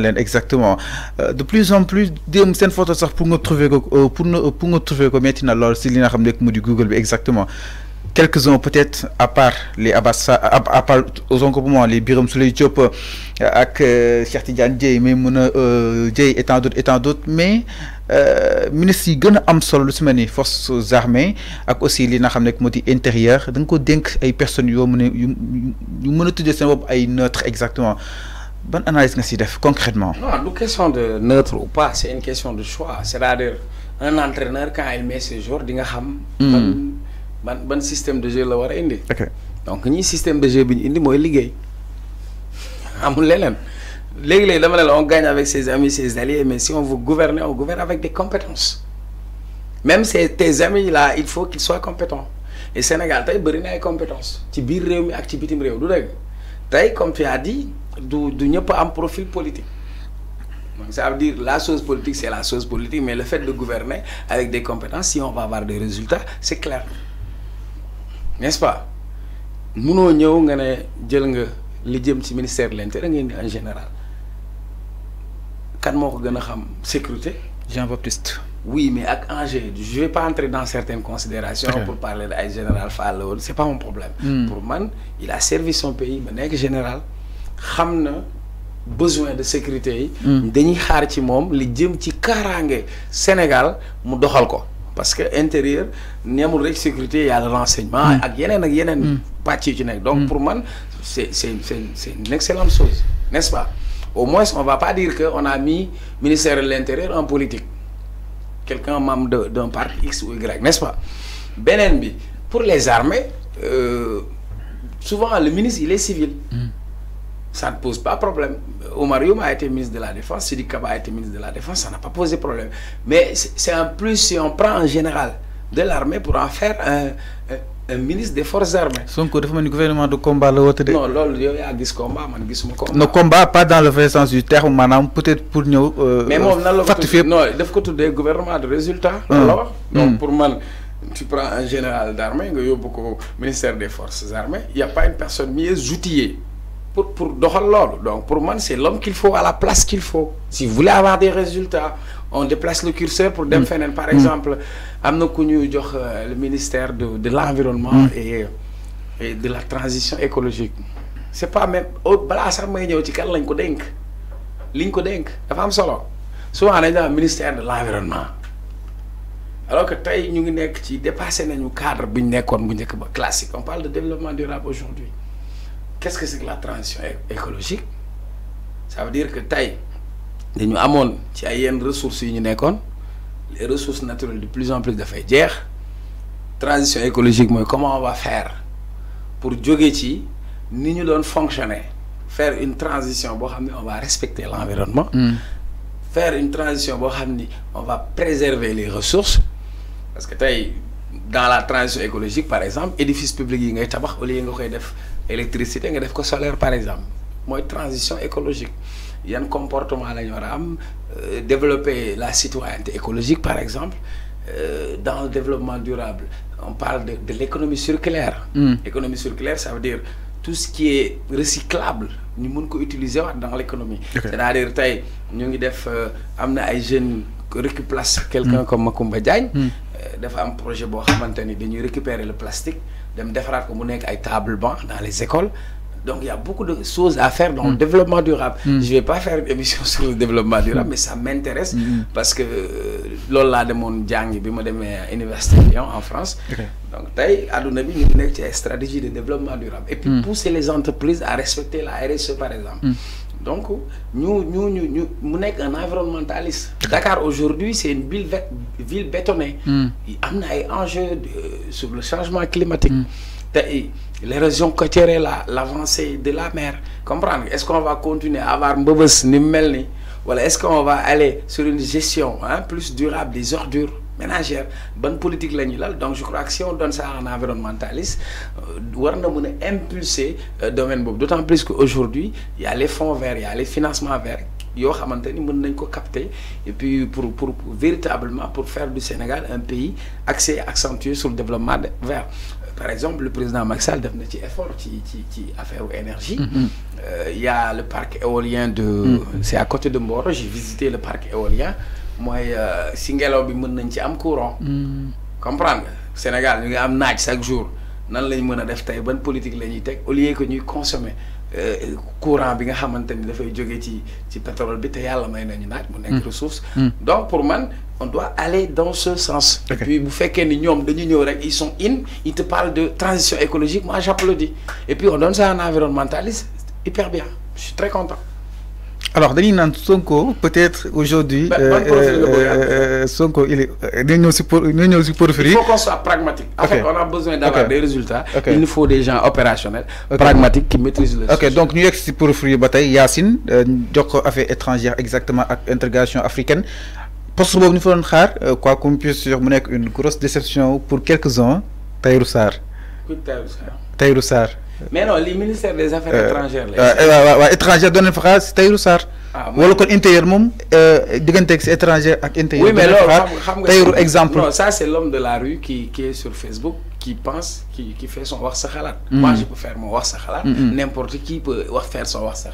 na exactement euh, de plus en plus des seen photo photos pour nous trouver euh, pour nous pour nous trouver comme metti na lool si li nga xam nekk mu Google bi exactement quelques-uns peut-être à part les Abassa à part aux encombrements les Biram sur Diop euh, ak Cheikh Tidiane Dieye mais mon a étant d'autres étant d'autres mais ministre yi gën a am solo lu forces armées ak aussi li nga xam intérieur donc nga ko dénk ay personnes yoo mën a yu mën a ay neutre exactement bonne analyse que tu concrètement Non, la question de neutre ou pas, c'est une question de choix. C'est-à-dire, un entraîneur, quand il met ses joueurs, il sait bon système de jeu la war indi. Donc, le système de jeu, indi moy liguey. Amul lenen. Légui rien. dama on gagne avec ses amis, ses alliés, mais si on veut gouverner, on gouverne avec des compétences. Même tes amis là, il faut qu'ils soient compétents. Et Sénégal, tu as des compétences. Tu as des compétences. Tu compétences. Tu as comme Tu as dit, du du pas un profil politique donc ça veut dire la chose politique c'est la chose politique mais le fait de gouverner avec des compétences si on va avoir des résultats c'est clair n'est-ce pas Nous, ñëw nga ne jël nga ministère de l'intérieur en général kan nous, ko a xam sécurité. Jean Baptiste. oui mais ak Angers, je vais pas entrer dans certaines considérations pour parler de général Fall Ce n'est pas mon problème. Hmm. pour moi, il a servi son pays mais nekk général xamna besoin de sécurité yi. Hmm. dañuy xaar ci mom li jëm ci Sénégal mu doxal ko. parce que intérieur neemul rek sécurité il y a le renseignement. Hmm. ak yenen ak yenen hmm. pàcc ci donc pour moi c'est c'est c'est une excellente chose n'est-ce pas au moins on va pas dire qu'on a mis ministère de l'intérieur en politique quelqu'un membre de d'un parti X ou Y n'est-ce pas benen bi pour les armées euh, souvent le ministre il est civil ça ne pose pas problème. Omar Youm a été ministre de la Défense, Sidi Kaba a été ministre de la Défense, ça n'a pas posé problème. Mais c'est en plus si on prend un général de l'armée pour en faire un, ministre des forces armées. Sonko, un gouvernement de combat. Le haut Non, il y a des combats, man, des combats. Nos combats, pas dans le vrai sens du terme, peut-être pour nous. Euh, Mais moi, non, il faut des gouvernements de résultats. Ah. Non, hmm. pour moi tu prends un général d'armée, il y a beaucoup ministère des forces armées, il n'y a pas une personne mieux outillée pour, pour Donc pour moi, c'est l'homme qu'il faut à la place qu'il faut. Si vous voulez avoir des résultats, on déplace le curseur pour dem mm. Par mm. exemple, amna connu euh, le ministère de, de l'environnement mm. et, de la transition écologique. C'est pas même au oh, blasa may ñew ci kan lañ ko denk. Liñ denk dafa am solo. Souvent un ministère de l'environnement. Alors que tay ñu ngi nek ci cadre classique. On parle de développement durable aujourd'hui qu'est-ce que c'est que la transition écologique ça veut dire que taille, il y ressources les ressources naturelles de plus en plus de faits La transition écologique comment on va faire pour que ci ni fonctionner faire une transition on va respecter l'environnement hmm. faire une transition on va préserver les ressources parce que dans la transition écologique par exemple édifice public yi ngay tabax au électricité nga def ko solaire par exemple une transition écologique yane comportement la ñu comportement am euh, développer la citoyenneté écologique par exemple euh, dans le développement durable on parle de l'économie circulaire hmm. économie circulaire ça veut dire tout ce qui est recyclable ñu pouvons ko utiliser dans l'économie c'est-à-dire que ñu ngi def euh, jeunes quelqu'un hmm. comme Diagne hmm. dafa am projet récupérer le plastique dem table dans les écoles donc il y a beaucoup de choses à faire dans le mm. développement durable Je mm. je vais pas faire une émission sur le développement durable mais ça m'intéresse mm. parce que de euh, mon demoon jàngi bi à l'université université Lyon en France donc il y a une stratégie de développement durable et puis pousser les entreprises à respecter la RSE par exemple donc nous, nous, nous, nous, mu sommes un environnementaliste. Dakar aujourd'hui c'est une ville ville bétonnée. Hmm. y un ay de euh, sur le changement climatique. Hmm. Les l'érosion côtière là l'avancée de la mer comprendre est-ce qu'on va continuer à avoir des ni mu est-ce qu'on va aller sur une gestion hein plus durable des ordures ménagère bonne politique la donc je crois que si on donne ça à un environnementaliste on euh, doit impulser le euh, impulser domaine d'autant plus qu'aujourd'hui il y a les fonds verts il y a les financements verts yo xamanteni des mën ko capter et puis pour pour véritablement pour faire du Sénégal un pays axé accentué sur le développement vert euh, par exemple le président Maxal a fait un effort ci ci ci énergie il mm-hmm. y a le parc éolien de mm-hmm. c'est à côté de Moro. j'ai visité le parc éolien moi, euh, si ngelaw bi mën nañ ci am courant. Hmm. comprendre Sénégal ñu ngi am naaj chaque jour nan lañ mën a def tey ban politique la ñuy au lieu que ñuy consommer euh, courant bi nga xamante ni dafay jóge ci ci pétrole bi te yàlla may nañu naaj. mu hmm. ressource. Hmm. donc pour moi, on doit aller dans ce sens. et puis bu fekkee ni ñoom dañu ñëw ils sont in ils te parlent de transition écologique moi j'applaudis et puis on donne ça à un environnementaliste hyper bien je suis très content alors Denis naan peut-être aujourd'hui ben, euh, hein. euh, euh, Sonko il est euh, pour il faut qu'on soit pragmatique. fait on a besoin d'avoir des résultats. il nous faut des gens opérationnels. pragmatiques qui maîtrisent le résultats. ok donc nous, sommes pour Porfiry de bataille, Yacine qui Affaires affaire étrangère exactement avec intégration africaine Pour ce moment, fa doon quoi qu'on puisse dire une grosse déception pour quelques-uns Taïroussar. Sarr mais non les ministère des affaires euh, étrangères euh, ah, euh, euh, étranger doon na phrase xaar si ou Sarr. intérieur euh... digganteeg étranger ak intérieur. oui mais alors xam exemple. non ça c'est l'homme de la rue qui qui est sur Facebook qui pense qui qui fait son wax sa mm. moi je peux faire mon wax sa mm, mm. n'importe qui peut faire son wax sa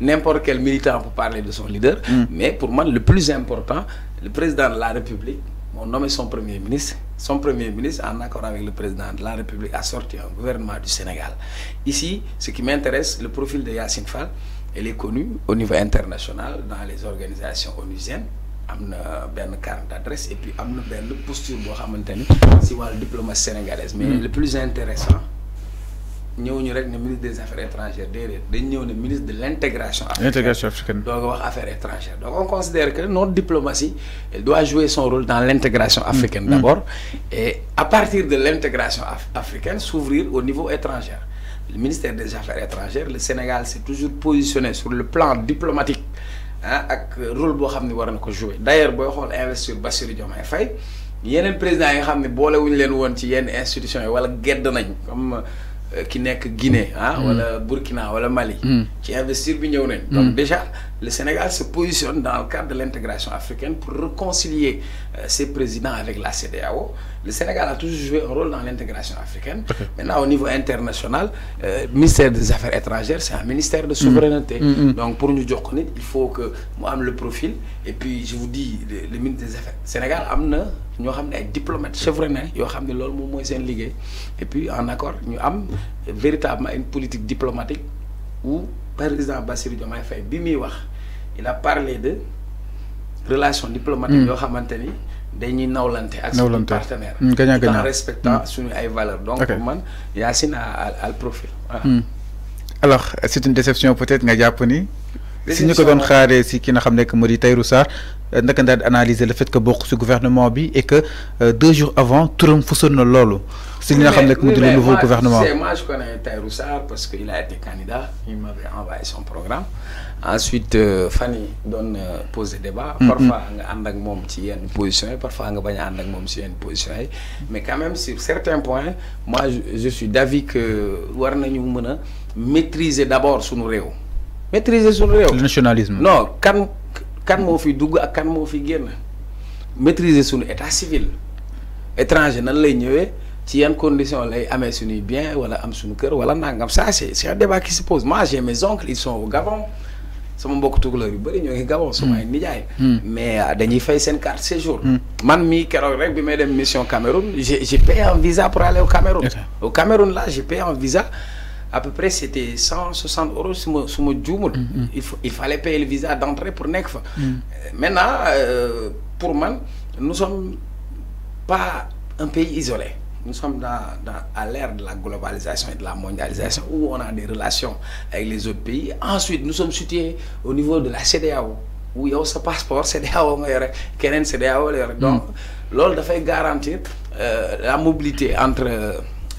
n'importe quel militant peut parler de son leader. mais pour moi le plus important le président de la République. On nomme son Premier ministre. Son Premier ministre, en accord avec le Président de la République, a sorti un gouvernement du Sénégal. Ici, ce qui m'intéresse, le profil de Yacine Fall, elle est connue au niveau international dans les organisations onusiennes. am a carte d'adresse et puis a une posture pour la diplomatie sénégalaise mais hmm. le plus intéressant ñëwuñu rek ne ministre des affaires étrangères déedéet dañ ñëw ne ministre de l'intégration africaine intégration africaine wax affaires étrangères donc on considère que notre diplomatie elle doit jouer son rôle dans l'intégration mm. africaine mm. d'abord et à partir de l'intégration africaine s'ouvrir au niveau étranger le ministère des affaires étrangères le Sénégal s'est toujours positionné sur le plan diplomatique avec hein, ak rôle boo xam ne war na ko jouer d' ailleurs booy xool investir Bassirou Diomaye Faye yeneen président yi a xam ne boolewuñu leen woon ci yenn institutions yi wala gedd nañ comme ki nekk Guinée ah mm. wala Burkina wala Mali. Mm. ci investir bi ñëw nañ. donc mm. déjà le Sénégal se positionne dans le cadre de l'intégration africaine pour réconcilier euh, ses présidents avec la CDAO. Le Sénégal a toujours joué un rôle dans l'intégration africaine. Maintenant, au niveau international, le euh, ministère des Affaires étrangères, c'est un ministère de mm. souveraineté. Mm, mm. Donc, pour nous dire il faut que moi, le profil. Et puis, je vous dis, le, ministre des Affaires. Le Sénégal a avons des diplomates chevronnés et puis en accord nous avons véritablement une politique diplomatique où président Bassirou Diomaye Faye bi mi wax il a parlé de relations diplomatiques, hmm. yoo xamante ni dañuy nawlanté ak suñu partenaire hmm, tout en respectant hmm. suñu ay valeurs donc man Yassine a al profil alors c'est une déception peut-être nga japp ni si ñu ko doon si ki n'a pas nekk analyser le fait que ce ce gouvernement bi et que euh, deux jours avant Trump fësoon na lolo. si li avons xam le nouveau gouvernement C'est moi je connais Tahirou Sar parce qu'il a été candidat il m'avait envoyé son programme ensuite euh, Fanny pose doon euh, poser débat. Mm-hmm. parfois nga a une position. parfois nga a une ak mais quand même sur certains points moi je suis d'avis que war nañu maîtriser d'abord son réew maîtriser son réew. le nationalisme non kan kan moo fi dougou, ak kan moo fi maîtriser son état civil étranger nan lay ñëwee ci yan condition lay amee suñuy bien wala am suñu cœur wala nangam ça c'est c'est un débat qui se pose moi j'ai mes oncles ils sont au Gabon sama beaucoup tukulóor yu bëri ñoo au Gabon. sama hmm. nijaay. Hmm. mais euh, dañuy fay seen carte séjour. Hmm. man mi keroog rek bi des dem mission Cameroun j'ai payé un visa pour aller au Cameroun. au Cameroun là j'ai payé un visa à peu près c'était 160 euros sur mon jour. il fallait payer le visa d'entrée pour necf mm. euh, maintenant euh, pour moi nous sommes pas un pays isolé. nous sommes dans, à l'ère de la globalisation et de la mondialisation où on a des relations avec les autres pays. Ensuite, nous sommes situés au niveau de la CEDEAO, où il y a ce passeport CEDEAO, Donc, mm. fait garantir euh, la mobilité entre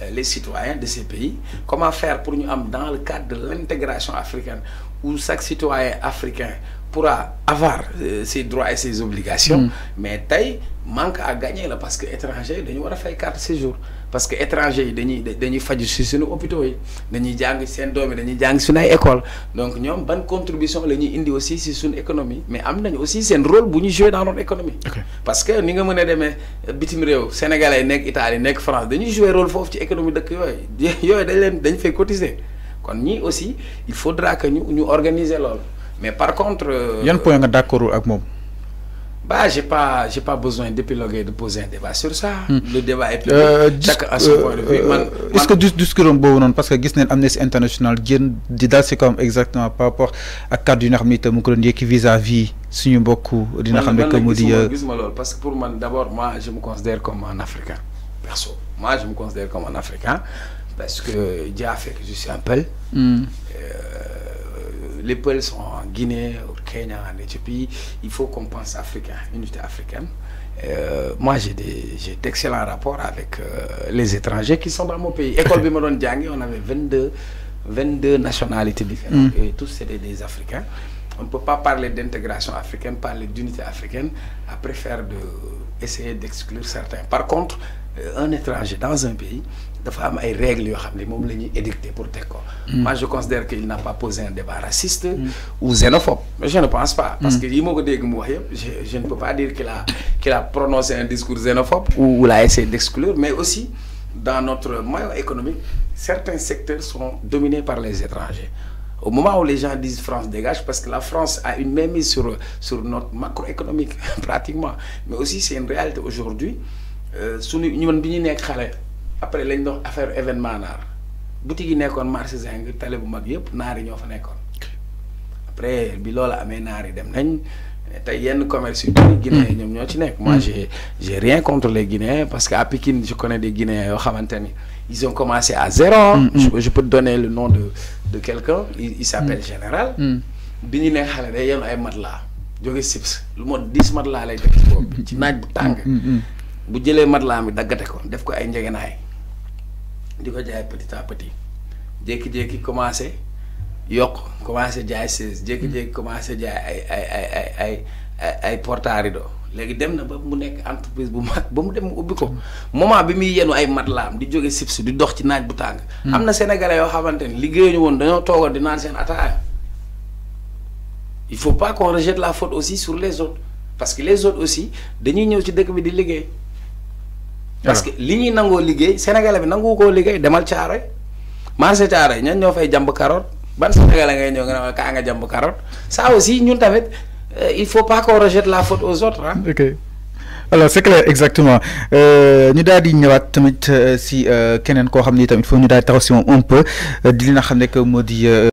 euh, les citoyens de ces pays, comment faire pour nous dans le cadre de l'intégration africaine, où chaque citoyen africain pourra avoir euh, ses droits et ses obligations mm. mais il manque à gagner parce que étranger yi dañu war fay carte séjour parce que étranger yi dañuy fait faju si suñu hôpitaux ils ont fait des doom yi dañuy école donc une bonne contribution la ñuy indi aussi sur une économie mais ils ont aussi un rôle pour jouer dans notre économie parce que nous avons des a demee euh, bitim sénégalais nekk Italie nekk France dañuy jouer rôle un ci économie dans l'économie yooyu dañ leen dañ fay cotiser kon aussi il faudra que nous organisions organiser mais par contre. Euh, y point un un d'accord avec moi. bah j'ai pas j'ai pas besoin d'épiloguer de poser un débat sur ça. Hmm. le débat est public. Euh, chacun à son point de euh, vue est-ce que du discours non parce que gis nañ Amnesty International di exactement par rapport à kàddu d'une armée de qui mu vis-à-vis suñu beaucoup dina xam que parce que pour moi d'abord moi je me considère comme un Africain perso moi je me considère comme un Africain parce que Dia fait que je suis un peu les peuples sont en Guinée, au Kenya, en Éthiopie. Il faut qu'on pense africain, unité africaine. Euh, moi, j'ai d'excellents rapports avec euh, les étrangers qui sont dans mon pays. École Bimoron on avait 22, 22 nationalités différentes mm. et tous c'était des Africains. On ne peut pas parler d'intégration africaine, parler d'unité africaine, après faire de, essayer d'exclure certains. Par contre, euh, un étranger dans un pays de femmes, des règles édictées pour tes corps. Mm. moi je considère qu'il n'a pas posé un débat raciste. Mm. ou xénophobe je ne pense pas. parce mm. que je ne peux pas dire qu'il a a prononcé un discours xénophobe. ou l'a essayé d'exclure mais aussi dans notre moyen économique certains secteurs sont dominés par les étrangers. Au moment où les gens disent France dégage, parce que la France a une mainmise sur, sur notre macroéconomique, pratiquement. Mais aussi, c'est une réalité aujourd'hui. Euh, suñu ñun bi ñu nekk xale après lañ dox affaire événement nar boutique yi nekkon marché Zing tale bu mag yépp nar yi ñoo fa nekkon après bi loola amé nar yi dem nañ tay yenn commerce yu Guinéen hmm. ñoo ci nekk. moi hmm. j'ai j'ai rien contre les Guinéens parce que à Pikine je connais des Guinéens yo xamante ils ont commencé à zéro. Hmm, je je peux te donner le nom de de quelqu'un il s'appelle Général. biñu ñu nekk xale day yenn ay matla jóge Sips lu mot dix matelas lay tek ci bopp ci naaj bu bu jëlé matelas mi ko def ko ay petit à petit commencé yok commencé commencé ay ay ay ay ay ay portarido légui dem ba mu entreprise bu ba mu dem ko moment bi ay di di dox ci naaj bu hmm. sénégalais di naan il faut pas qu'on rejette la faute aussi sur les autres parce que les autres aussi dañuy ñëw ci dëkk bi di liggéey. parce que li ñuy nangoo liggéey sénégalais bi nangu koo liggéey demal caaroy marché caaroy ñan ñoo fay jàmb carotte ban sénégalais ngay ñëw nga ne ma kaa nga jàmb carotte ça aussi ñun tamit euh, il faut pas qu'on rejette la faut au sot ah. ok alors c'est exactement euh, ñu daal di ñëwaat tamit euh, si keneen koo xam ni tamit foofu ñu daal di taxaw si moom un peu di li nga xam ne que moo di.